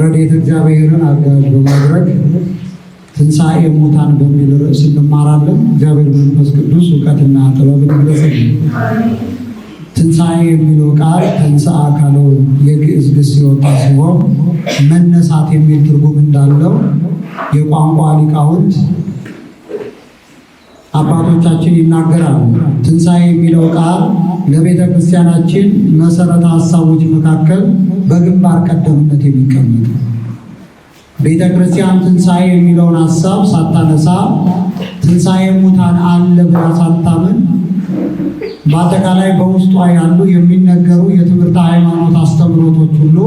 ረድኤተ እግዚአብሔርን አጋዥ በማድረግ ትንሣኤ ሙታን በሚል ርዕስ እንማራለን። እግዚአብሔር መንፈስ ቅዱስ እውቀትና ጥበብን ይግለጽ። ትንሣኤ የሚለው ቃል ተንሥአ ካለው የግዕዝ ግስ የወጣ ሲሆን መነሳት የሚል ትርጉም እንዳለው የቋንቋ ሊቃውንት አባቶቻችን ይናገራሉ። ትንሣኤ የሚለው ቃል ለቤተ ክርስቲያናችን መሰረተ ሀሳቦች መካከል በግንባር ቀደምነት የሚቀመጡ ቤተ ክርስቲያን ትንሣኤ የሚለውን ሀሳብ ሳታነሳ ትንሣኤ ሙታን አለ ብላ ሳታምን በአጠቃላይ በውስጧ ያሉ የሚነገሩ የትምህርት ሃይማኖት አስተምህሮቶች ሁሉ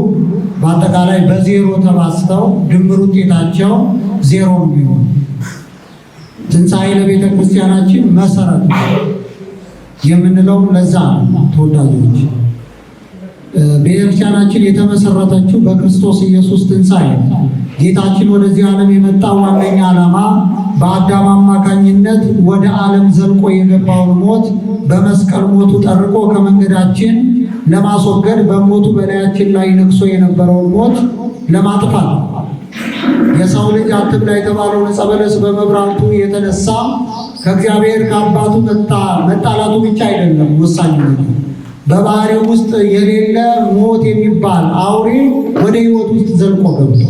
በአጠቃላይ በዜሮ ተባስተው ድምር ውጤታቸው ዜሮ ነው የሚሆን። ትንሣኤ ለቤተ ክርስቲያናችን መሰረት ነው። የምንለውም ለዛ ተወዳጆች ቤተክርስቲያናችን የተመሰረተችው በክርስቶስ ኢየሱስ ትንሣኤ ጌታችን ወደዚህ ዓለም የመጣው ዋነኛ ዓላማ በአዳም አማካኝነት ወደ ዓለም ዘልቆ የገባውን ሞት በመስቀል ሞቱ ጠርቆ ከመንገዳችን ለማስወገድ በሞቱ በላያችን ላይ ነግሶ የነበረውን ሞት ለማጥፋት የሰው ልጅ አትብላ የተባለውን ዕፀ በለስ በመብራቱ የተነሳ ከእግዚአብሔር ከአባቱ መጣ መጣላቱ ብቻ አይደለም ነው። በባህሪው ውስጥ የሌለ ሞት የሚባል አውሬ ወደ ህይወት ውስጥ ዘልቆ ገብቶ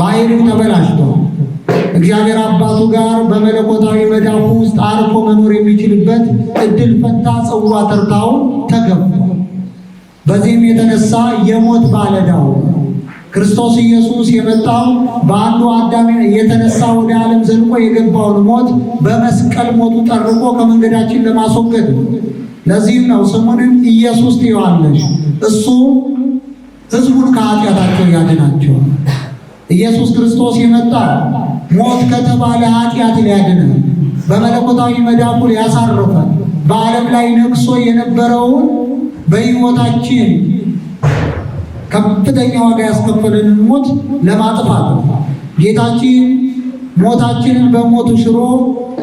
ባህሪው ተበላሽቷል። እግዚአብሔር አባቱ ጋር በመለኮታዊ መዳፉ ውስጥ አርፎ መኖር የሚችልበት እድል ፈንታ ጽዋ ተርታውን ተገብቷል። በዚህም የተነሳ የሞት ባለዕዳው ክርስቶስ ኢየሱስ የመጣው በአንዱ አዳም የተነሳ ወደ ዓለም ዘልቆ የገባውን ሞት በመስቀል ሞቱ ጠርቆ ከመንገዳችን ለማስወገድ ለዚህም ነው ስሙንም ኢየሱስ ትይዋለሽ። እሱ ሕዝቡን ከኃጢአታቸው ያድናቸው። ኢየሱስ ክርስቶስ የመጣ ሞት ከተባለ ኃጢአት ሊያድነን በመለኮታዊ መዳፉ ሊያሳርፈ በዓለም ላይ ነግሶ የነበረውን በሕይወታችን ከፍተኛ ዋጋ ያስከፈለንን ሞት ለማጥፋት ጌታችን ሞታችንን በሞቱ ሽሮ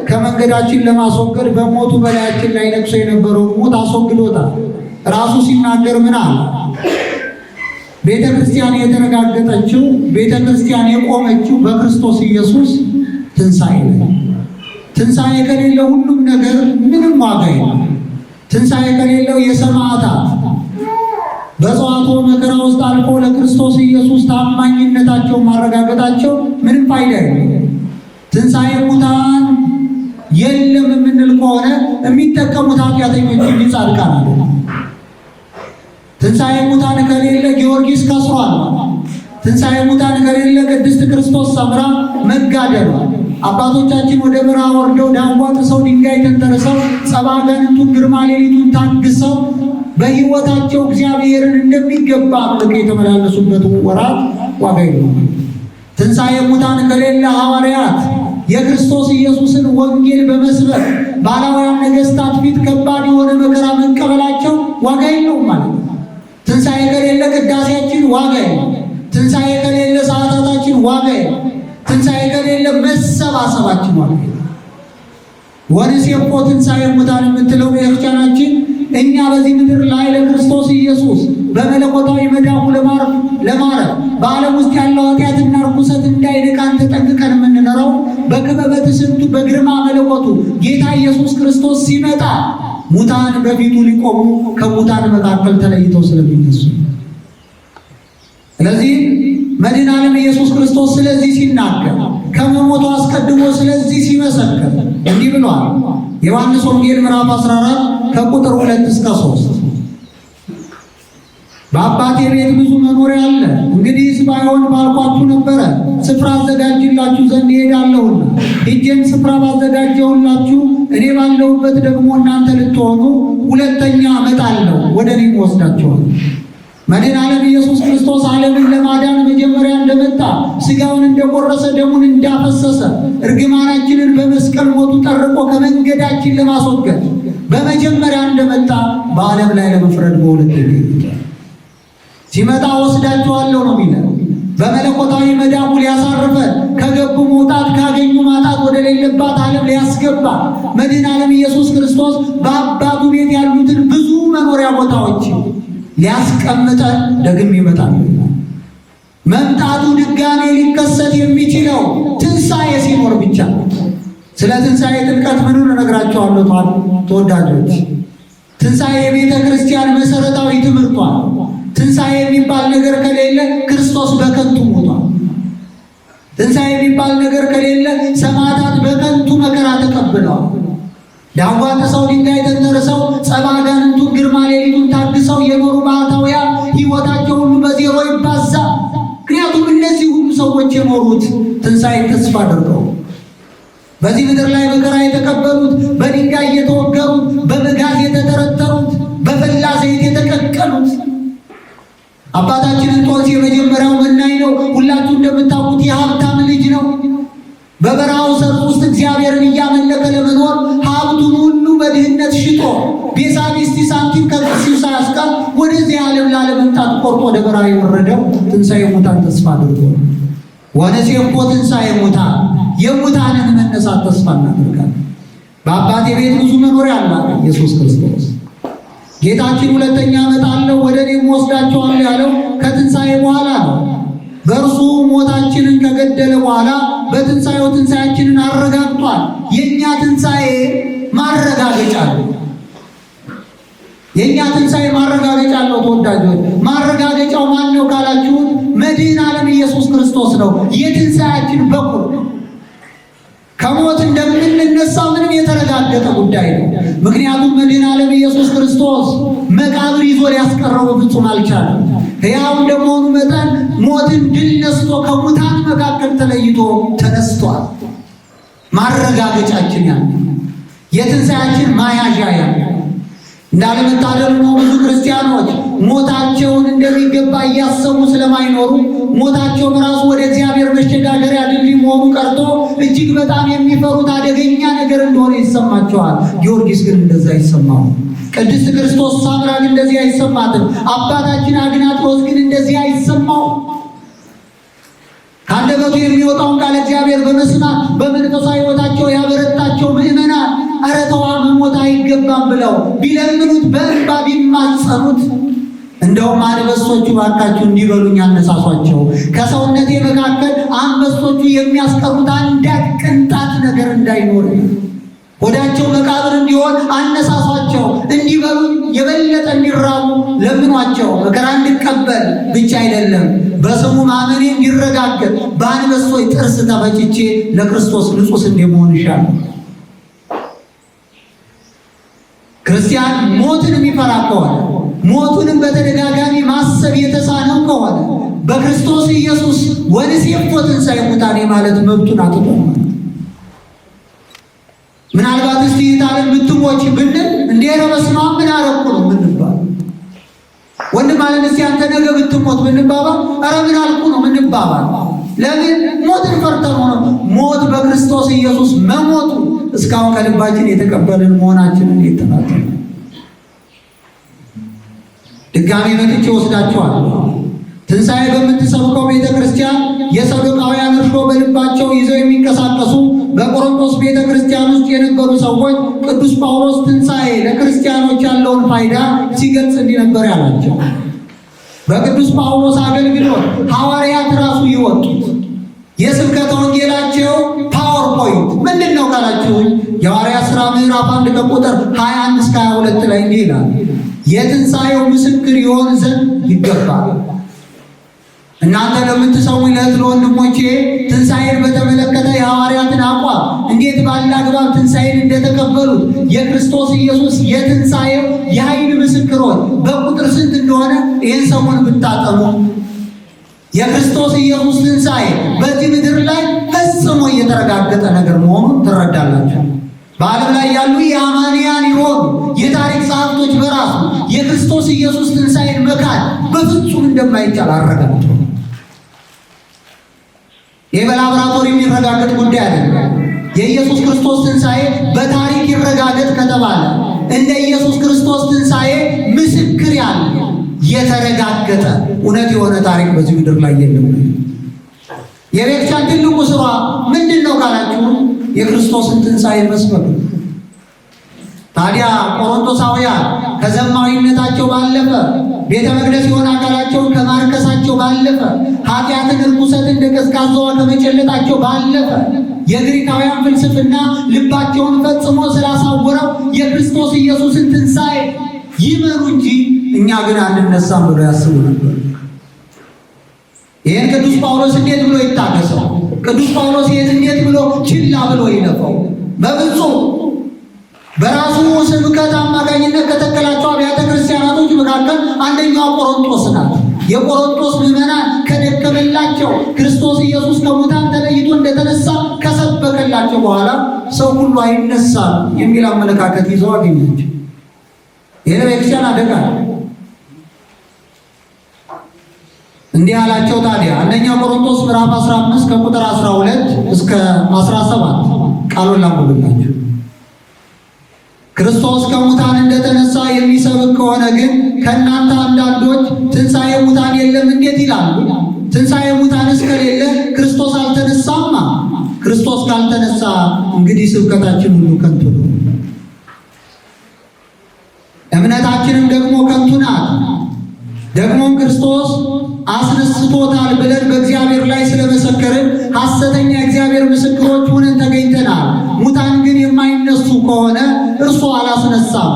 ከመንገዳችን ለማስወገድ በሞቱ በላያችን ላይ ነግሶ የነበረውን ሞት አስወግዶታል። ራሱ ሲናገር ምን አለ? ቤተ ክርስቲያን የተረጋገጠችው ቤተ ክርስቲያን የቆመችው በክርስቶስ ኢየሱስ ትንሣኤ ነው። ትንሣኤ ከሌለው ሁሉም ነገር ምንም ዋጋ የለም። ትንሣኤ ከሌለው የሰማዕታት በጽዋቶ መከራ ውስጥ አልፎ ለክርስቶስ ኢየሱስ ታማኝነታቸው ማረጋገጣቸው ምንም ፋይዳ የለም። ትንሣኤ ሙታን የለም የምንል ከሆነ የሚጠቀሙት ኃጢአተኞች እንጂ ጻድቃን አለ። ትንሣኤ ሙታን ከሌለ ጊዮርጊስ ከስሯል። ትንሣኤ ሙታን ከሌለ ቅድስት ክርስቶስ ሰምራ መጋደሏ። አባቶቻችን ወደ በረሃ ወርደው ዳንጓ ጥሰው ድንጋይ ተንተርሰው ጸባጋንንቱን ግርማ ሌሊቱን ታግሰው በህይወታቸው እግዚአብሔርን እንደሚገባ አምልኮ የተመላለሱበት ወራት ዋጋ ነው። ትንሣኤ ሙታን ከሌለ ሐዋርያት የክርስቶስ ኢየሱስን ወንጌል በመስበር ባላውያን ነገሥታት ፊት ከባድ የሆነ መከራ መቀበላቸው ዋጋ የለውም ማለት ነው። ትንሣኤ ከሌለ ቅዳሴያችን ዋጋ የለውም። ትንሣኤ ከሌለ ሰዓታታችን ዋጋ የለውም። ትንሣኤ ከሌለ መሰባሰባችን ዋጋ የለውም። ወንሴ የቆ ትንሣኤ ሙታን የምትለው ቤተክርስቲያናችን እኛ በዚህ ምድር ላይ ለክርስቶስ ኢየሱስ በመለኮታዊ መዳፉ ለማረፍ ለማረፍ በዓለም ውስጥ ያለው ኃጢአትና ርኩሰት እንዳይነካን ተጠንቅቀን የምንኖረው በክበበ ትስብእቱ በግርማ መለኮቱ ጌታ ኢየሱስ ክርስቶስ ሲመጣ ሙታን በፊቱ ሊቆሙ ከሙታን መካከል ተለይተው ስለሚነሱ ስለዚህ መድኃኔ ዓለም ኢየሱስ ክርስቶስ ስለዚህ ሲናገር ከመሞቱ አስቀድሞ ስለዚህ ሲመሰክር እንዲህ ብሏል። ዮሐንስ ወንጌል ምዕራፍ 14 ከቁጥር ሁለት እስከ ሶስት በአባቴ ቤት ብዙ መኖሪያ አለ። እንግዲህ ባይሆን ባልኳችሁ ነበረ፣ ስፍራ አዘጋጅላችሁ ዘንድ እሄዳለሁና። ሄጄም ስፍራ ባዘጋጀሁላችሁ እኔ ባለሁበት ደግሞ እናንተ ልትሆኑ ሁለተኛ እመጣለሁ፣ ወደ እኔም መድን መድኃኔዓለም ኢየሱስ ክርስቶስ ዓለምን ለማዳን መጀመሪያ እንደመጣ ስጋውን እንደቆረሰ ደሙን እንዳፈሰሰ እርግማናችንን በመስቀል ሞቱ ጠርቆ ከመንገዳችን ለማስወገድ በመጀመሪያ እንደመጣ በዓለም ላይ ለመፍረድ በሁለተኛ ይመጣል። ሲመጣ ወስዳችኋለሁ ነው የሚለው። በመለኮታዊ መዳቡ ሊያሳርፈ ከገቡ መውጣት ካገኙ ማጣት ወደሌለባት ዓለም ሊያስገባ መድህን ዓለም ኢየሱስ ክርስቶስ በአባቱ ቤት ያሉትን ብዙ መኖሪያ ቦታዎች ሊያስቀምጠ ደግም ይመጣል። መምጣቱ ድጋሜ ሊከሰት የሚችለው ትንሣኤ ሲኖር ብቻ ስለ ትንሣኤ ጥልቀት ምኑን እነግራቸዋለሁ ተወዳጆች። ትንሣኤ የቤተ ክርስቲያን መሰረታዊ ትምህርቷል። ትንሣኤ የሚባል ነገር ከሌለ ክርስቶስ በከንቱ ሞቷል። ትንሣኤ የሚባል ነገር ከሌለ ሰማዕታት በከንቱ መከራ ተቀብለዋል። ዳዋ ሰው ድንጋይ ተንተርሰው አጋንንቱን ግርማ ሌሊቱን ታግሰው የኖሩ ባታውያ ሕይወታቸው ሁሉ በዜሮ ይባዛል። ምክንያቱም እነዚህ ሁሉ ሰዎች የኖሩት ትንሣኤ ተስፋ አድርገው በዚህ ምድር ላይ መከራ የተቀበሉት፣ በድንጋይ የተወገሩት፣ በመጋዝ የተጠረጠሩት፣ በፈላ ዘይት የተቀቀሉት አባታችን እንጦንስ የመጀመሪያው መናኝ ነው። ሁላችሁ እንደምታውቁት የሀብታም ልጅ ነው። በበረሃው ሰርፍ ውስጥ እግዚአብሔርን እያመለከ ለመኖር ሀብቱን ሁሉ በድህነት ሽጦ ቤሳ ሳንቲም ከቅሲው ሳያስቀር ወደዚህ ዓለም ላለመምጣት ቆርጦ ወደ በረሃ የወረደው ትንሣኤ ሙታን ተስፋ አድርጎ ወነሴኮ ትንሣኤ ሙታን የሙታንን መነሳት ተስፋ እናደርጋለን። በአባቴ ቤት ብዙ መኖሪያ አለ ኢየሱስ ክርስቶስ ጌታችን ሁለተኛ አለው ወደ እኔ ወስዳቸዋለሁ ያለው ከትንሣኤ በኋላ ነው። በእርሱ ሞታችንን ከገደለ በኋላ በትንሣኤው ትንሣያችንን አረጋግጧል። የእኛ ትንሣኤ ማረጋገጫ ነው። የእኛ ትንሣኤ ማረጋገጫ ነው። ተወዳጆች ማረጋገጫው ማን ነው ካላችሁን፣ መድኃኔ ዓለም ኢየሱስ ክርስቶስ ነው። የትንሣያችን በኩል ከሞት እንደምንነሳ ምንም የተረጋገጠ ጉዳይ ነው። ምክንያቱም መድኃኔዓለም ኢየሱስ ክርስቶስ መቃብር ይዞ ሊያስቀረው ፍጹም አልቻለም። ሕያው እንደመሆኑ መጠን ሞትን ድል ነስቶ ከሙታን መካከል ተለይቶ ተነስቷል። ማረጋገጫችን ያ የትንሣያችን ማያዣ ያ እንዳለመታደል ነው ብዙ ክርስቲያኖች ሞታቸውን እንደሚገባ እያሰቡ ስለማይኖሩ ሞታቸውም ራሱ ወደ እግዚአብሔር ያድ መሆኑ ቀርቶ እጅግ በጣም የሚፈሩት አደገኛ ነገር እንደሆነ ይሰማቸዋል። ጊዮርጊስ ግን እንደዛ አይሰማው። ቅድስት ክርስቶስ ሳምራ ግን እንደዚህ አይሰማትም። አባታችን አግናጥሮስ ግን እንደዚህ አይሰማው። ከአንደበቱ የሚወጣውን ቃል እግዚአብሔር በመስማት በመንፈሳዊ ሕይወታቸው ያበረታቸው ምእመናን ኧረ ተዋ መሞት አይገባም ብለው ቢለምኑት በእንባ ቢማጸኑት እንደውም አንበሶቹ ባካችሁ እንዲበሉኝ አነሳሷቸው። ከሰውነቴ መካከል አንበሶቹ የሚያስቀሩት አንዳች ቅንጣት ነገር እንዳይኖር ወዳቸው መቃብር እንዲሆን አነሳሷቸው። እንዲበሉኝ የበለጠ እንዲራቡ ለምኗቸው። መከራ እንድቀበል ብቻ አይደለም በስሙ ማመኔ እንዲረጋገጥ በአንበሶች ጥርስ ተፈጭቼ ለክርስቶስ ንጹሕ እንዲሆን ይሻል። ክርስቲያን ሞትን የሚፈራ ከሆነ ሞቱንም በተደጋጋሚ ማሰብ የተሳነው ከሆነ በክርስቶስ ኢየሱስ ወንሴፎ ትንሣኤ ሙታኔ ማለት መብቱን አጥቶ ምናልባት እስቲ ታለን ምትሞች ብንል እንዴ ነው ምን አረቁ ነው ምንባል። ወንድም አለን እስቲ አንተ ነገ ብትሞት ብንባባል ኧረ ምን አልኩ ነው ምንባባል። ለምን ሞትን ፈርተን ሆኖ ሞት በክርስቶስ ኢየሱስ መሞቱ እስካሁን ከልባችን የተቀበልን መሆናችንን የተናገረ ድጋሜ መጥቼ ወስዳቸዋል። ትንሣኤ በምትሰብከው ቤተ ክርስቲያን የሰዱቃውያን እርሾ በልባቸው ይዘው የሚንቀሳቀሱ በቆሮንቶስ ቤተ ክርስቲያን ውስጥ የነበሩ ሰዎች ቅዱስ ጳውሎስ ትንሣኤ ለክርስቲያኖች ያለውን ፋይዳ ሲገልጽ እንዲነበር ያላቸው። በቅዱስ ጳውሎስ አገልግሎት ሐዋርያት ራሱ ይወጡት የስብከተ ወንጌላቸው ፓወርፖይንት ምንድን ነው ካላችሁኝ የሐዋርያት ሥራ ምዕራፍ አንድ ከቁጥር 21 እስከ 22 ላይ እንዲህ ይላል የትንሣኤው ምስክር ይሆን ዘንድ ይገባል። እናንተ ለምትሰሙኝ ለእህት ወንድሞቼ ትንሣኤን በተመለከተ የሐዋርያትን አቋም እንዴት ባለ አግባብ ትንሣኤን እንደተቀበሉት የክርስቶስ ኢየሱስ የትንሣኤው የኃይል ምስክሮች በቁጥር ስንት እንደሆነ ይህን ሰሞን ብታጠኑ የክርስቶስ ኢየሱስ ትንሣኤ በዚህ ምድር ላይ ፈጽሞ እየተረጋገጠ ነገር መሆኑን ትረዳላችሁ። በዓለም ላይ ያሉ የአማንያን የሆኑ የታሪክ ጸሐፍቶች በራሱ የክርስቶስ ኢየሱስ ትንሣኤን መካድ በፍጹም እንደማይቻል አረጋግጡ። ይህ የሚረጋገጥ ጉዳይ አይደለም። የኢየሱስ ክርስቶስ ትንሣኤ በታሪክ ይረጋገጥ ከተባለ እንደ ኢየሱስ ክርስቶስ ትንሣኤ ምስክር ያለ የተረጋገጠ እውነት የሆነ ታሪክ በዚህ ምድር ላይ የለም። የቤተክርስቲያን ትልቁ ስራ ምንድን ነው ካላችሁ የክርስቶስን ትንሣኤ መስበክ። ታዲያ ቆሮንቶሳውያን ከዘማዊነታቸው ባለፈ ቤተ መቅደስ የሆነ አካላቸውን ከማርከሳቸው ባለፈ ኃጢአትን፣ ርኩሰት እንደ ቀዝቃዛዋ ከመጨለጣቸው ባለፈ የግሪካውያን ፍልስፍና ልባቸውን ፈጽሞ ስላሳወረው የክርስቶስ ኢየሱስን ትንሣኤ ይመሩ እንጂ እኛ ግን አንነሳም ብሎ ያስቡ ነበር። ይህን ቅዱስ ጳውሎስ እንዴት ብሎ ይታገሰው? ቅዱስ ጳውሎስ ይህን እንዴት ብሎ ችላ ብሎ ይለፈው? በፍጹም በራሱ ስብከት አማካኝነት ከተከላቸው አብያተ ክርስቲያናቶች መካከል አንደኛዋ ቆሮንጦስ ናት። የቆሮንጦስ ምዕመናን ከደከመላቸው ክርስቶስ ኢየሱስ ከሙታን ተለይቶ እንደተነሳ ከሰበከላቸው በኋላ ሰው ሁሉ አይነሳ የሚል አመለካከት ይዘው አገኘች። ይህ ቤተክርስቲያን አደጋ እንዲህ አላቸው ታዲያ አንደኛ ቆሮንቶስ ምዕራፍ 15 ከቁጥር 12 እስከ 17 ቃሉን ላንብብላችሁ። ክርስቶስ ከሙታን እንደተነሳ የሚሰብክ ከሆነ ግን ከእናንተ አንዳንዶች ትንሣኤ ሙታን የለም እንዴት ይላሉ? ትንሣኤ ሙታን እስከሌለ ክርስቶስ አልተነሳማ። ክርስቶስ ካልተነሳ እንግዲህ ስብከታችን ሁሉ ከንቱ ነው፣ እምነታችንም ደግሞ ከንቱ ናት። ደግሞም ክርስቶስ አስነስቶታል ብለን በእግዚአብሔር ላይ ስለመሰከርን ሐሰተኛ እግዚአብሔር ምስክሮች ሆነን ተገኝተናል። ሙታን ግን የማይነሱ ከሆነ እርሱ አላስነሳም።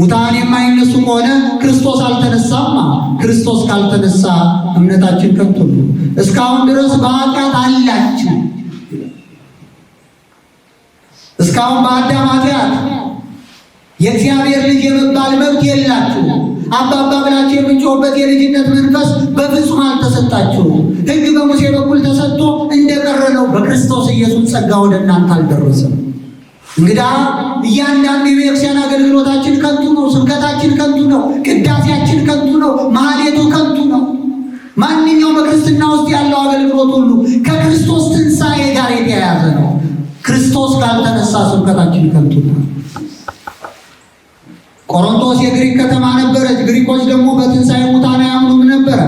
ሙታን የማይነሱ ከሆነ ክርስቶስ አልተነሳማ። ክርስቶስ ካልተነሳ እምነታችን ከንቱ ነው። እስካሁን ድረስ በኃጢአት አላችሁ። እስካሁን በአዳም ኃጢአት የእግዚአብሔር ልጅ የመባል መብት የላችሁ። አባባ ብላችሁ የምንጮህበት የልጅነት መንፈስ በፍጹም አልተሰጣችሁም። ሕግ በሙሴ በኩል ተሰጥቶ እንደቀረ ነው። በክርስቶስ ኢየሱስ ጸጋ ወደ እናንተ አልደረሰም። እንግዳ እያንዳንዱ የቤተክርስቲያን አገልግሎታችን ከንቱ ነው። ስብከታችን ከንቱ ነው። ቅዳሴያችን ከንቱ ነው። ማህሌቱ ከንቱ ነው። ማንኛውም በክርስትና ውስጥ ያለው አገልግሎት ሁሉ ከክርስቶስ ትንሣኤ ጋር የተያያዘ ነው። ክርስቶስ ካልተነሳ ስብከታችን ከንቱ ነው። ቆሮንቶስ የግሪክ ከተማ ነበረች። ግሪኮች ደግሞ በትንሣኤ ሙታን አያምኑም ነበረ።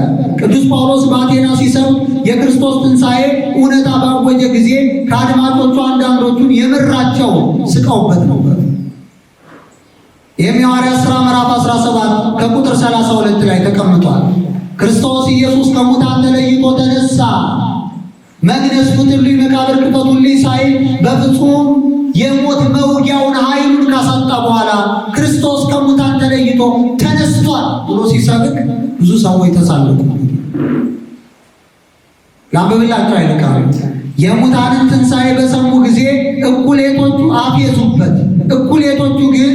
ቅዱስ ጳውሎስ በአቴና ሲሰብክ የክርስቶስ ትንሣኤ እውነታ ባወጀ ጊዜ ከአድማጮቹ አንዳንዶቹን የምራቸው ስቀውበት ነበር። የሐዋርያት ሥራ ምዕራፍ 17 ከቁጥር 32 ላይ ተቀምጧል። ክርስቶስ ኢየሱስ ከሙታን ተለይቶ ተነሳ፣ መግነዝ ፍቱልኝ፣ መቃብር ክፈቱልኝ ሳይል በፍጹም የሞት መውጊያውን ኃይሉን ካሳጣ በኋላ ክርስቶስ ከሙታን ተለይቶ ተነስቷል ብሎ ሲሰብክ ብዙ ሰዎች ተሳለቁ። ላንብብላቸው አይልካ የሙታንን ትንሣኤ በሰሙ ጊዜ እኩሌቶቹ አፌዙበት፣ እኩሌቶቹ ግን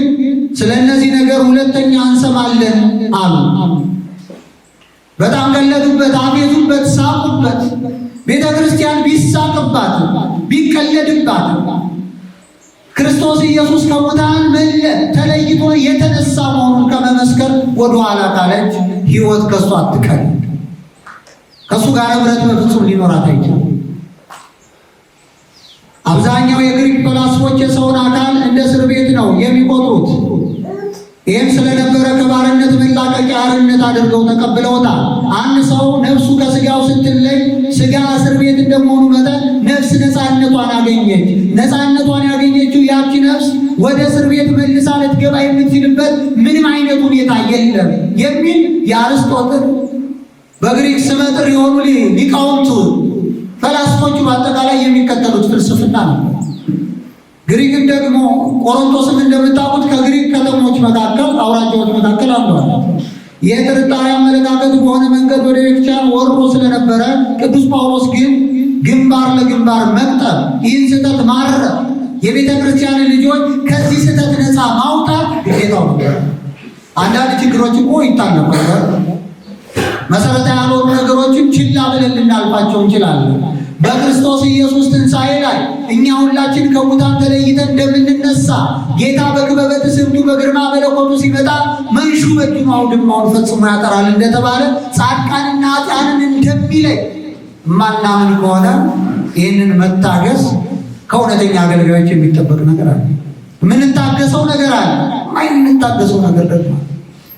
ስለ እነዚህ ነገር ሁለተኛ እንሰማለን አሉ። በጣም ቀለዱበት፣ አፌዙበት፣ ሳቁበት። ቤተ ክርስቲያን ቢሳቅባት ቢቀለድባት ክርስቶስ ኢየሱስ ከሙታን መለ ተለይቶ የተነሳ መሆኑን ከመመስከር ኋላ ካለች ህይወት ከእሱ አትቀል። ከእሱ ጋር ህብረት በፍጹም ሊኖራት አይችል። አብዛኛው የግሪክ ፈላስፎች የሰውን አካል እንደ እስር ቤት ነው የሚቆጥሩት። ይህም ስለነበረ ከባርነት መላቀቂያ አርነት አድርገው ተቀብለውታል። አንድ ሰው ነፍሱ ከስጋው ስትለይ ስጋ እስር ቤት እንደመሆኑ መጠን ነፍስ ነፃነቷን አገኘች። ነፃነቷን ያገኘችው ያቺ ነፍስ ወደ እስር ቤት መልሳ ልትገባ የምትችልበት ምንም አይነት ሁኔታ የለም የሚል የአርስጦጥል በግሪክ ስመጥር የሆኑ ሊቃውንቱ ፈላስፎቹ በአጠቃላይ የሚከተሉት ፍልስፍና ነው። ግሪክም ደግሞ ቆሮንቶስም እንደምታውቁት ከግሪክ ከተሞች መካከል አውራጃዎች መካከል አንዷ የጥርጣሬ አመለካከት በሆነ መንገድ ወደ ቤተክርስቲያን ወርዶ ስለነበረ ቅዱስ ጳውሎስ ግን ግንባር ለግንባር መቅጠብ ይህን ስህተት ማረም የቤተ ክርስቲያን ልጆች ከዚህ ስህተት ነፃ ማውጣት ግዴታው ነበር። አንዳንድ ችግሮች እኮ ይታለፉ ነበር። መሰረታዊ ያልሆኑ ነገሮችን ችላ ብለን ልናልፋቸው እንችላለን። በክርስቶስ ኢየሱስ ትንሣኤ ላይ እኛ ሁላችን ከሙታን ተለይተን እንደምንነሳ ጌታ በክበበ ትስብእቱ በግርማ መለኮቱ ሲመጣ መንሹ በእጁን አውድማውን ፈጽሞ ያጠራል እንደተባለ ጻድቃንና ኃጥአንን እንደሚለይ ማናምን ከሆነ ይህንን መታገስ ከእውነተኛ አገልጋዮች የሚጠበቅ ነገር አለ። የምንታገሰው ነገር አለ። የምንታገሰው ነገር ደግሞ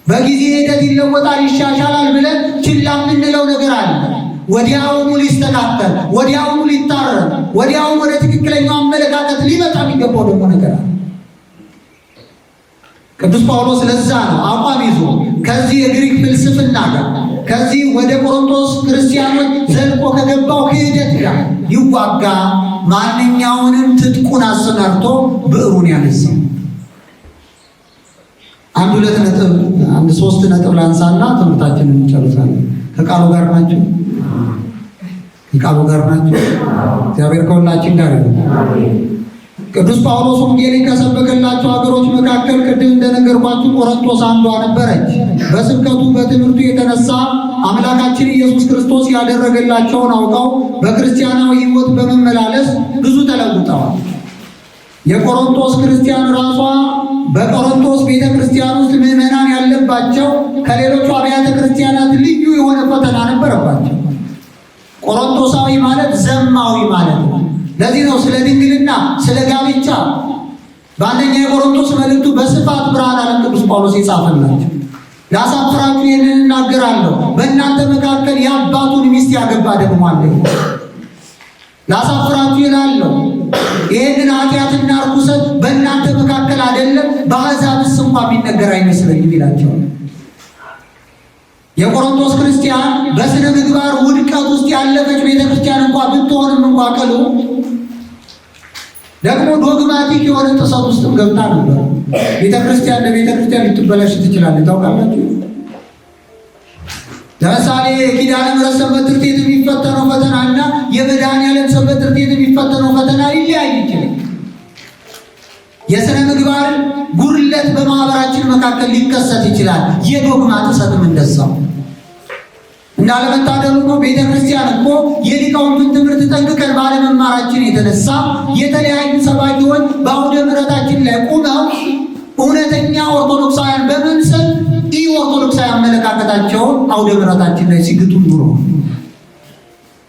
በጊዜ ሂደት ይለወጣል፣ ይሻሻላል ብለን ችላ የምንለው ነገር አለ። ወዲያውኑ ሊስተካከል፣ ወዲያውኑ ሊታረም፣ ወዲያውኑ ወደ ትክክለኛው አመለካከት ሊመጣ የሚገባው ደግሞ ነገር አለ። ቅዱስ ጳውሎስ ለዛ ነው አቋም ይዞ ከዚህ የግሪክ ፍልስፍና ጋር ከዚህ ወደ ቆሮንቶስ ክርስቲያኖች ዘልቆ ከገባው ክህደት ጋር ይዋጋ ማንኛውንም ትጥቁን አሰናድቶ ብዕሩን ያነሳው። አንድ ሁለት ነጥብ አንድ ሶስት ነጥብ ላንሳና ትምህርታችንን እንጨርሳለን። ከቃሉ ጋር ናቸው። የቃሉ ጋር ናቸው። እግዚአብሔር ከሁላችን ጋር ነው። ቅዱስ ጳውሎስ ወንጌልን ከሰበከላቸው ሀገሮች መካከል ቅድም እንደነገርኳችሁ ቆረንቶስ አንዷ ነበረች። በስብከቱ በትምህርቱ የተነሳ አምላካችን ኢየሱስ ክርስቶስ ያደረገላቸውን አውቀው በክርስቲያናዊ ሕይወት በመመላለስ ብዙ ተለውጠዋል። የቆሮንቶስ ክርስቲያን ራሷ በቆሮንቶስ ቤተ ክርስቲያን ውስጥ ምዕመናን ያለባቸው ከሌሎቹ አብያተ ክርስቲያናት ልዩ የሆነ ፈተና ነበረባቸው። ቆሮንቶሳዊ ማለት ዘማዊ ማለት ነው። ለዚህ ነው ስለ ድንግልና ስለ ጋብቻ በአንደኛ የቆሮንቶስ መልእክቱ በስፋት ብርሃን ዓለም ቅዱስ ጳውሎስ የጻፈላቸው ላሳፍራችሁ ይህንን እናገራለሁ፣ በእናንተ መካከል የአባቱን ሚስት ያገባ ደግሞ አለ። ላሳፍራችሁ ይላለሁ፣ ይህንን ኃጢአትና ርኩሰት በእናንተ መካከል አይደለም በአሕዛብስ እንኳ የሚነገር አይመስለኝም ይላቸዋል። የቆሮንቶስ ክርስቲያን በስነ ምግባር ውድቀት ውስጥ ያለፈች ቤተ ክርስቲያን እንኳ ብትሆንም እንኳ ቀሉ ደግሞ ዶግማቲክ የሆነ ጥሰት ውስጥም ገብታ ነበር። ቤተ ክርስቲያን ለቤተ ክርስቲያን ልትበላሽ ትችላለች። ታውቃላችሁ። ለምሳሌ የኪዳነ ምሕረት ሰንበት ትምህርት ቤት የሚፈተነው ፈተና እና የመድኃኔዓለም ሰንበት ትምህርት ቤት የሚፈተነው ፈተና ይለያይ ይችላል። የስነ ምግባር ጉድለት በማህበራችን መካከል ሊከሰት ይችላል። የዶግማ ጥሰትም እንደዛው እንዳለመታደሉ ነው። ቤተ ክርስቲያን እኮ የሊቃውንቱን ትምህርት ጠንቅቀን ባለመማራችን የተነሳ የተለያዩ ሰባኪዎች በአውደ ምሕረታችን ላይ ቁመው እውነተኛ ኦርቶዶክሳውያን በመምሰል ኢ ኦርቶዶክሳዊ አመለካከታቸውን አውደ ምሕረታችን ላይ ሲግጡ ኑሮ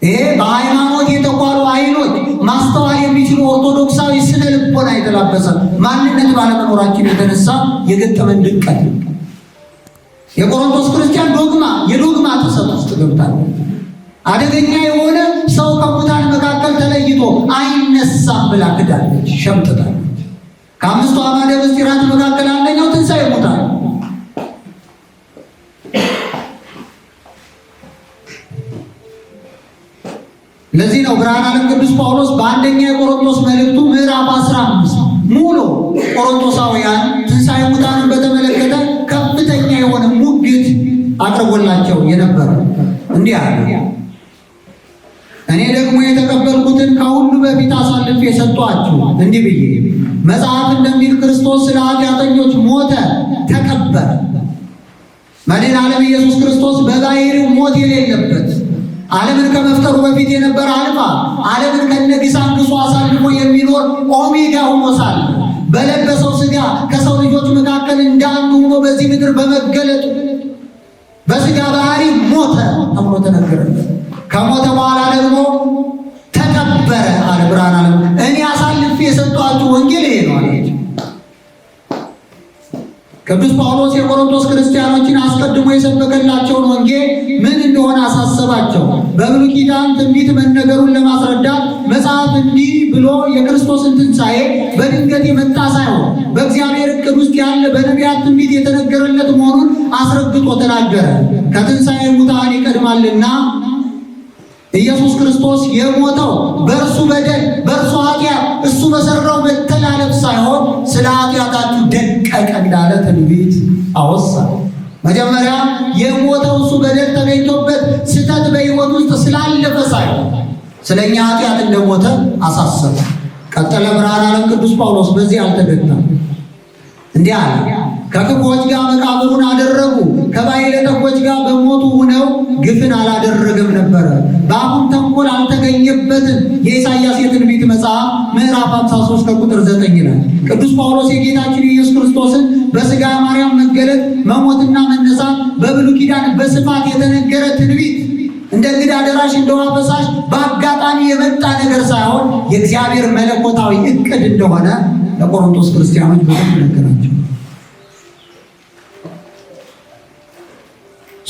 ይሄ በሃይማኖት የተኳሉ አይኖች ማስተዋል የሚችሉ ኦርቶዶክሳዊ ስነ ልቦና የተላበሰ ማንነት ባለመኖራችን የተነሳ የገጠመን ድቀት የቆሮንቶስ ክርስቲያን ዶግማ የዶግማ ጥሰት ውስጥ ገብታል። አደገኛ የሆነ ሰው ከሙታን መካከል ተለይቶ አይነሳም ብላ ክዳለች፣ ሸምጥታለች። ከአምስቱ አዕማደ ምስጢራት መካከል አንደኛው ትንሣኤ ሙታን ለዚህ ነው ብርሃን ዓለም ቅዱስ ጳውሎስ በአንደኛ የቆሮንቶስ መልእክቱ ምዕራፍ 15 ሙሉ ቆሮንቶሳውያን ትንሣኤ ሙታንን በተመለከተ ከፍተኛ የሆነ አቅርቦላቸው የነበረ እንዲህ አለ። እኔ ደግሞ የተቀበልኩትን ከሁሉ በፊት አሳልፍ የሰጧችሁ እንዲህ ብዬ መጽሐፍ እንደሚል ክርስቶስ ስለ ኃጢአተኞች ሞተ፣ ተቀበረ። መድኃኔ ዓለም ኢየሱስ ክርስቶስ በባህሪ ሞት የሌለበት ዓለምን ከመፍጠሩ በፊት የነበረ አልፋ ዓለምን ከነጊሳንግሱ አሳልፎ የሚኖር ኦሜጋ ሆኖ ሳለ በለበሰው ስጋ ከሰው ልጆች መካከል እንዳንዱ ሆኖ በዚህ ምድር በመገለጡ በስጋ ባህሪ ሞተ ተብሎ ተነገረ። ከሞተ በኋላ ደግሞ ተቀበረ አለ። ብርሃን አለ እኔ አሳልፌ የሰጧችሁ ወንጌል ይሄ ነው አለ። ቅዱስ ጳውሎስ የቆሮንቶስ ክርስቲያኖችን አስቀድሞ የሰበከላቸውን ወንጌል ምን እንደሆነ አሳሰባቸው። በብሉ ኪዳን ትንቢት መነገሩን ለማስረዳት መጽሐፍ እንዲህ ብሎ የክርስቶስን ትንሣኤ በድንገት የመጣ ሳይሆን በእግዚአብሔር እቅድ ውስጥ ያለ በነቢያት ትንቢት የተነገረለት መሆኑን አስረግጦ ተናገረ። ከትንሣኤ ሙታን ይቀድማልና ኢየሱስ ክርስቶስ የሞተው በእርሱ በደል በእርሱ ኃጢአት እሱ በሰራው መተላለፍ ሳይሆን ስለ ኃጢአታችሁ ደቀቀ እንዳለ ትንቢት አወሳል። መጀመሪያ የሞተው እሱ በደል ተገኝቶበት ስህተት በህይወት ውስጥ ስላለፈ ሳይሆን ስለ እኛ ኃጢአት እንደሞተ አሳሰበ። ቀጠለ ብርሃን ዓለም ቅዱስ ጳውሎስ በዚህ አልተደግተም፣ እንዲህ አለ፣ ከክፉዎች ጋር መቃብሩን አደረጉ ግፍን አላደረገም ነበረ፣ በአሁን ተንኮል አልተገኘበትም። የኢሳይያስ የትንቢት መጽሐፍ ምዕራፍ 53 ከቁጥር 9 ይላል። ቅዱስ ጳውሎስ የጌታችን የኢየሱስ ክርስቶስን በስጋ ማርያም መገለጥ፣ መሞትና መነሳት በብሉ ኪዳን በስፋት የተነገረ ትንቢት እንደ እንግዳ አደራሽ እንደ ውሃ ፈሳሽ በአጋጣሚ የመጣ ነገር ሳይሆን የእግዚአብሔር መለኮታዊ እቅድ እንደሆነ ለቆሮንቶስ ክርስቲያኖች በጣም ይነገራል።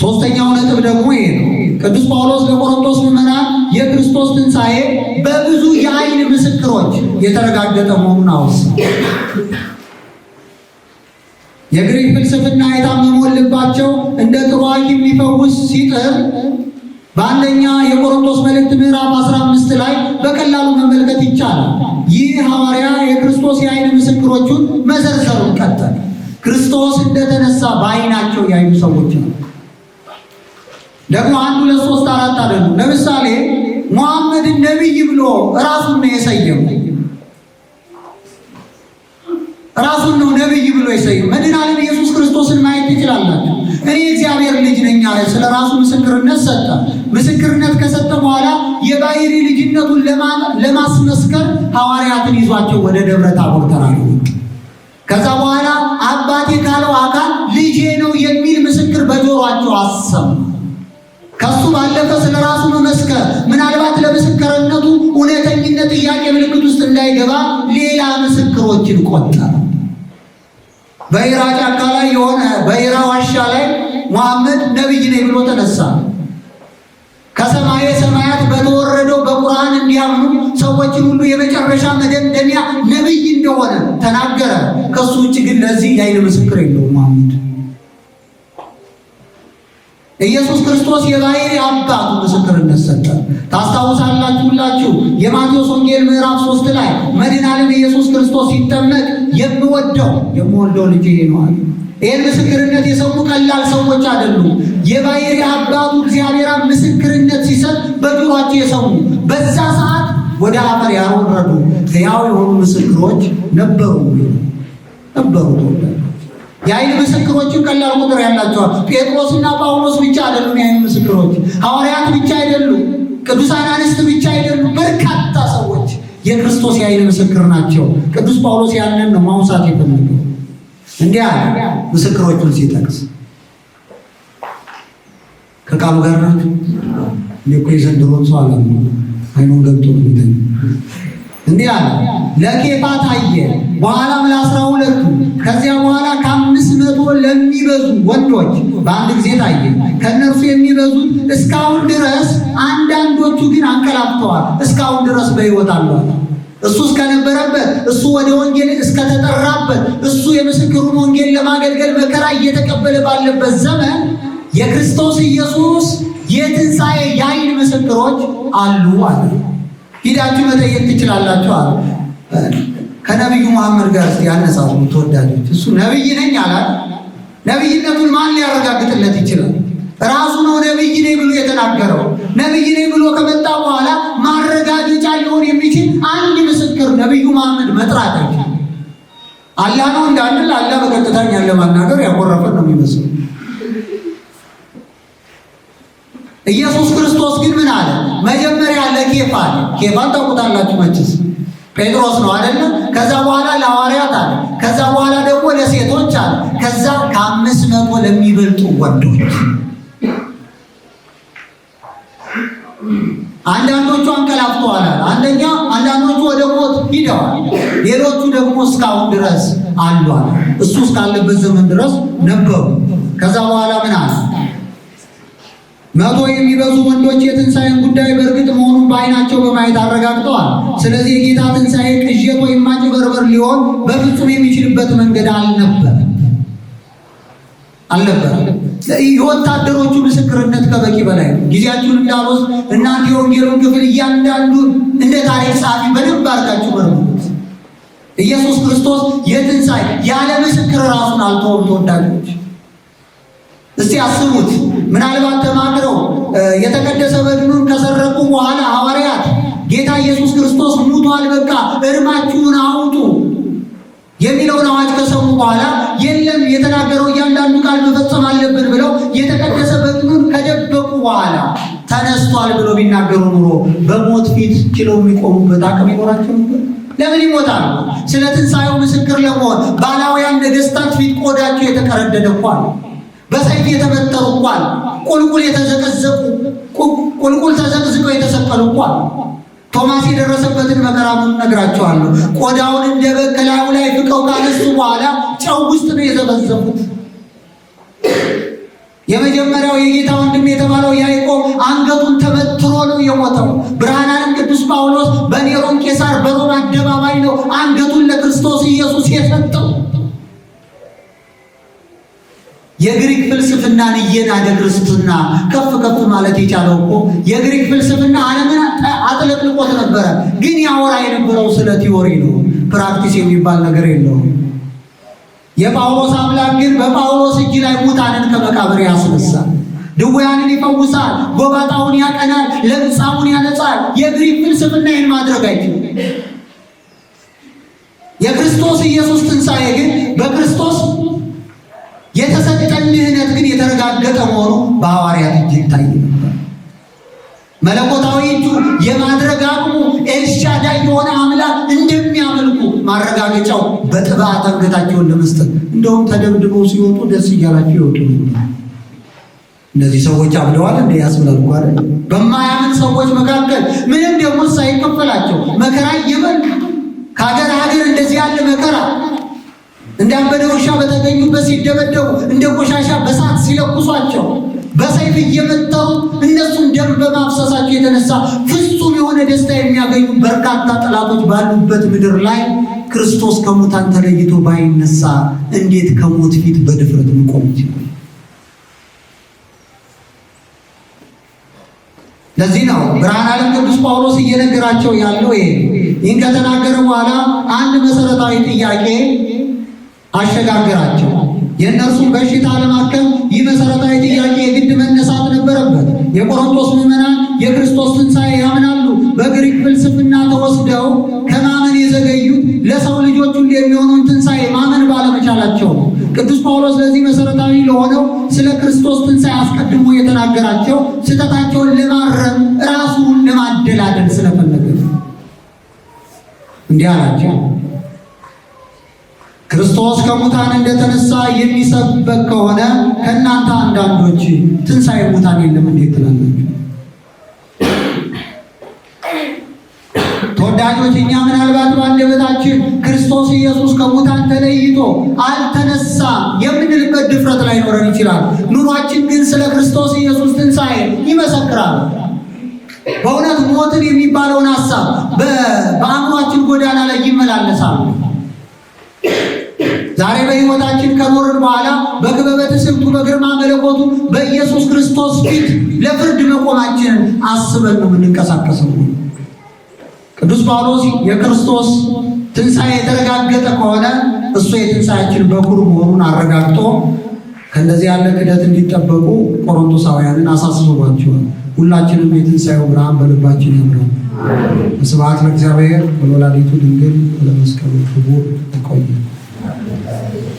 ሶስተኛው ነጥብ ደግሞ ይሄ ነው። ቅዱስ ጳውሎስ ለቆሮንቶስ ምዕመናን የክርስቶስ ትንሣኤ በብዙ የአይን ምስክሮች የተረጋገጠ መሆኑን አውስ የግሪክ ፍልስፍና የታመመውን እንደ ጥሩ ሐኪም ሊፈውስ ሲጥር በአንደኛ የቆሮንቶስ መልእክት ምዕራፍ 15 ላይ በቀላሉ መመልከት ይቻላል። ይህ ሐዋርያ የክርስቶስ የአይን ምስክሮቹን መዘርዘሩን ቀጠል። ክርስቶስ እንደተነሳ በአይናቸው ያዩ ሰዎች ነው። ደግሞ አንዱ ለሶስት አራት አይደሉም። ለምሳሌ ሙሐመድን ነቢይ ብሎ ራሱን ነው የሰየመው። ራሱን ነው ነቢይ ብሎ የሰየመው። መድኃኔዓለም ኢየሱስ ክርስቶስን ማየት ትችላላችሁ። እኔ እግዚአብሔር ልጅ ነኝ አለ። ስለ ራሱ ምስክርነት ሰጠ። ምስክርነት ከሰጠ በኋላ የባህሪ ልጅነቱን ለማስመስከር ሐዋርያትን ይዟቸው ወደ ደብረ ታቦር ከዛ በኋላ አባቴ ካለው አካል ልጄ ነው የሚል ምስክር በጆሯቸው አሰሙ። ከሱ ባለፈ ስለ ራሱ መመስከር ምናልባት ለምስክርነቱ እውነተኝነት ጥያቄ ምልክት ውስጥ እንዳይገባ ሌላ ምስክሮችን ቆጠረ። በሂራ ጫካ ላይ የሆነ በኢራ ዋሻ ላይ መሐመድ ነቢይ ነኝ ብሎ ተነሳ። ከሰማየ ሰማያት በተወረደው በቁርአን እንዲያምኑ ሰዎችን ሁሉ የመጨረሻ መደምደሚያ ነቢይ እንደሆነ ተናገረ። ከሱ ውጭ ግን ለዚህ የዓይን ምስክር የለውም መሐመድ ኢየሱስ ክርስቶስ የባሕርይ አባቱ ምስክርነት ሰጠ። ታስታውሳላችሁ ሁላችሁ የማቴዎስ ወንጌል ምዕራፍ ሶስት ላይ መድኃኔዓለም ኢየሱስ ክርስቶስ ሲጠመቅ የምወደው የምወደው ልጄ ነው አለ። ይህን ምስክርነት የሰሙ ቀላል ሰዎች አይደሉም። የባሕርይ አባቱ እግዚአብሔር ምስክርነት ሲሰጥ በጆሯቸው የሰሙ በዛ ሰዓት ወደ አፈር ያወረዱ ሕያው የሆኑ ምስክሮች ነበሩ ነበሩ ተወዳጅ የአይን ምስክሮችን ቀላል ቁጥር ያላቸዋል። ጴጥሮስና ጳውሎስ ብቻ አይደሉም የአይን ምስክሮች፣ ሐዋርያት ብቻ አይደሉም፣ ቅዱሳን አንስት ብቻ አይደሉም። በርካታ ሰዎች የክርስቶስ የአይን ምስክር ናቸው። ቅዱስ ጳውሎስ ያንን ነው ማውሳት የፈለገ እንዲያ ምስክሮቹን ሲጠቅስ ከቃሉ ጋር ናቸው። እኔ እኮ የዘንድሮን ሰው አላ አይኑን ገብቶ ሚተኝ እንዲህ አለ ለኬፋ ታየ፣ በኋላም ለአስራ ሁለቱ ከዚያ በኋላ ከአምስት መቶ ለሚበዙ ወንዶች በአንድ ጊዜ ታየ። ከእነርሱ የሚበዙት እስካሁን ድረስ አንዳንዶቹ ግን አንቀላፍተዋል፣ እስካሁን ድረስ በሕይወት አሏል። እሱ እስከነበረበት እሱ ወደ ወንጌል እስከተጠራበት እሱ የምስክሩን ወንጌል ለማገልገል መከራ እየተቀበለ ባለበት ዘመን የክርስቶስ ኢየሱስ የትንሣኤ የአይን ምስክሮች አሉ አለ። ሂዳችሁ መጠየቅ ትችላላችሁ አሉ። ከነቢዩ መሐመድ ጋር ስ ተወዳጆች። እሱ ነቢይ ነኝ አላል። ነቢይነቱን ማን ሊያረጋግጥለት ይችላል? ራሱ ነው ነቢይ ነኝ ብሎ የተናገረው። ነቢይ ነኝ ብሎ ከመጣ በኋላ ማረጋገጫ ሊሆን የሚችል አንድ ምስክር ነቢዩ መሐመድ መጥራት አይችል። አላህ ነው እንዳንል አላ በቀጥታ እኛን ለማናገር ያኮረፈን ነው የሚመስለው። ኢየሱስ ክርስቶስ ግን ምን አለ? መጀመሪያ ለኬፋ አለ። ኬፋን ታውቁታላችሁ መችስ ጴጥሮስ ነው አይደለ? ከዛ በኋላ ለሐዋርያት አለ። ከዛ በኋላ ደግሞ ለሴቶች አለ። ከዛ ከአምስት መቶ ለሚበልጡ ወንዶች አንዳንዶቹ አንቀላፍተዋል። አንደኛ አንዳንዶቹ ወደ ሞት ሂደዋል፣ ሌሎቹ ደግሞ እስካሁን ድረስ አሏል። እሱ እስካለበት ዘመን ድረስ ነበሩ። ከዛ በኋላ ምን አለ መቶ የሚበዙ ወንዶች የትንሣኤን ጉዳይ በእርግጥ መሆኑን በዓይናቸው በማየት አረጋግጠዋል። ስለዚህ የጌታ ትንሣኤ ቅዠት ወይም ማጭበርበር ሊሆን በፍጹም የሚችልበት መንገድ አልነበር አልነበር። የወታደሮቹ ምስክርነት ከበቂ በላይ ነው። ጊዜያችሁን እንዳልወስድ እናንተ የወንጌሉን ክፍል እያንዳንዱ እንደ ታሪክ ጸሐፊ በደንብ አድርጋችሁ መርምሩት። ኢየሱስ ክርስቶስ የትንሣኤ ያለ ምስክር ራሱን አልተወም። ተወዳጆች እስቲ አስቡት። ምናልባት ተማክረው የተቀደሰ በግኑን ከሰረቁ በኋላ ሐዋርያት ጌታ ኢየሱስ ክርስቶስ ሙቷል፣ በቃ እርማችሁን አውጡ የሚለውን አዋጅ ከሰሙ በኋላ የለም የተናገረው እያንዳንዱ ቃል መፈጸም አለብን ብለው የተቀደሰ በግኑን ከደበቁ በኋላ ተነስቷል ብሎ ቢናገሩ ኑሮ በሞት ፊት ችለው የሚቆሙበት አቅም ይኖራቸው ነበር? ለምን ይሞታል? ስለ ትንሣኤው ምስክር ለመሆን ባላውያን ነገስታት ፊት ቆዳቸው የተቀረደደ እኮ በሰይፍ የተመተሩ እንኳን ቁልቁል የተዘቀዘቁ ቁልቁል ተዘቅዝቀው የተሰቀሉ እንኳን ቶማስ የደረሰበትን መከራውን ነግራቸዋለሁ። ቆዳውን እንደ በግ ከላዩ ላይ ፍቀው ካነሱ በኋላ ጨው ውስጥ ነው የዘበዘቡት። የመጀመሪያው የጌታ ወንድም የተባለው ያዕቆብ አንገቱን ተበትሮ ነው የሞተው። ብርሃናንም ቅዱስ ጳውሎስ በኔሮን ቄሳር በሮም አደባባይ ነው አንገቱን ለክርስቶስ ኢየሱስ የሰጠው። የግሪክ ፍልስፍናን እየናደ ክርስትና ከፍ ከፍ ማለት የቻለው እኮ የግሪክ ፍልስፍና ዓለምን አጥለቅልቆት ነበረ። ግን ያወራ የነበረው ስለ ቲዎሪ ነው። ፕራክቲስ የሚባል ነገር የለውም። የጳውሎስ አምላክ ግን በጳውሎስ እጅ ላይ ሙታንን ከመቃብር ያስነሳል፣ ድውያንን ይፈውሳል፣ ጎባጣውን ያቀናል፣ ለምጻሙን ያነጻል። የግሪክ ፍልስፍና ይህን ማድረግ አይችልም። የክርስቶስ ኢየሱስ ትንሣኤ ግን በክርስቶስ የተረጋገጠ መሆኑ በሐዋርያት እጅ ይታይ ነበር። መለኮታዊ እጁ የማድረግ አቅሙ ኤልሻዳይ የሆነ አምላክ እንደሚያመልኩ ማረጋገጫው በጥባት አንገታቸውን ለመስጠት እንደውም ተደብድበው ሲወጡ ደስ እያላቸው ይወጡ እነዚህ ሰዎች አብደዋል እንደ ያስብላል ጓል በማያምን ሰዎች መካከል ምንም ደግሞ ሳይከፈላቸው መከራ ይበል ከሀገር ሀገር እንደዚህ ያለ መከራ እንዳበደ ውሻ በተገኙበት ሲደበደቡ፣ እንደ ቆሻሻ በሳት ሲለኩሷቸው፣ በሰይፍ እየመታው እነሱም ደም በማፍሰሳቸው የተነሳ ፍጹም የሆነ ደስታ የሚያገኙ በርካታ ጠላቶች ባሉበት ምድር ላይ ክርስቶስ ከሙታን ተለይቶ ባይነሳ እንዴት ከሞት ፊት በድፍረት ምቆሙት? ለዚህ ነው ብርሃን ዓለም ቅዱስ ጳውሎስ እየነገራቸው ያለው። ይህ ይህን ከተናገረ በኋላ አንድ መሰረታዊ ጥያቄ አሸጋግራቸው። የእነርሱን በሽታ ለማከም ይህ መሰረታዊ ጥያቄ የግድ መነሳት ነበረበት። የቆሮንቶስ ምዕመናን የክርስቶስ ትንሣኤ ያምናሉ። በግሪክ ፍልስፍና ተወስደው ከማመን የዘገዩት ለሰው ልጆች ሁሉ የሚሆነውን ትንሣኤ ማመን ባለመቻላቸው ነው። ቅዱስ ጳውሎስ ለዚህ መሰረታዊ ለሆነው ስለ ክርስቶስ ትንሣኤ አስቀድሞ የተናገራቸው ስህተታቸውን ለማረም ራሱን ለማደላደል ስለፈለገ እንዲህ አላቸው። ክርስቶስ ከሙታን እንደተነሳ የሚሰበክ ከሆነ ከእናንተ አንዳንዶች ትንሣኤ ሙታን የለም እንዴት ትላላችሁ? ተወዳጆች እኛ ምናልባት በአንደበታችን ክርስቶስ ኢየሱስ ከሙታን ተለይቶ አልተነሳ የምንልበት ድፍረት ላይኖረን ይችላል። ኑሯችን ግን ስለ ክርስቶስ ኢየሱስ ትንሣኤ ይመሰክራል። በእውነት ሞትን የሚባለውን ሀሳብ በአእምሯችን ጎዳና ላይ ይመላለሳል። ዛሬ በሕይወታችን ከኖርን በኋላ በክበበ ስብቱ በግርማ መለኮቱ በኢየሱስ ክርስቶስ ፊት ለፍርድ መቆማችንን አስበን ነው የምንንቀሳቀሰው። ቅዱስ ጳውሎስ የክርስቶስ ትንሣኤ የተረጋገጠ ከሆነ እሱ የትንሣኤያችን በኩር መሆኑን አረጋግጦ ከእንደዚህ ያለ ክደት እንዲጠበቁ ቆሮንቶሳውያንን አሳስበባቸዋል ሁላችንም የትንሣኤው ብርሃን በልባችን ያምራል። ስብሐት ለእግዚአብሔር ወለወላዲቱ ድንግል ወለመስቀሉ ክቡር። ይቆያል። Thank you.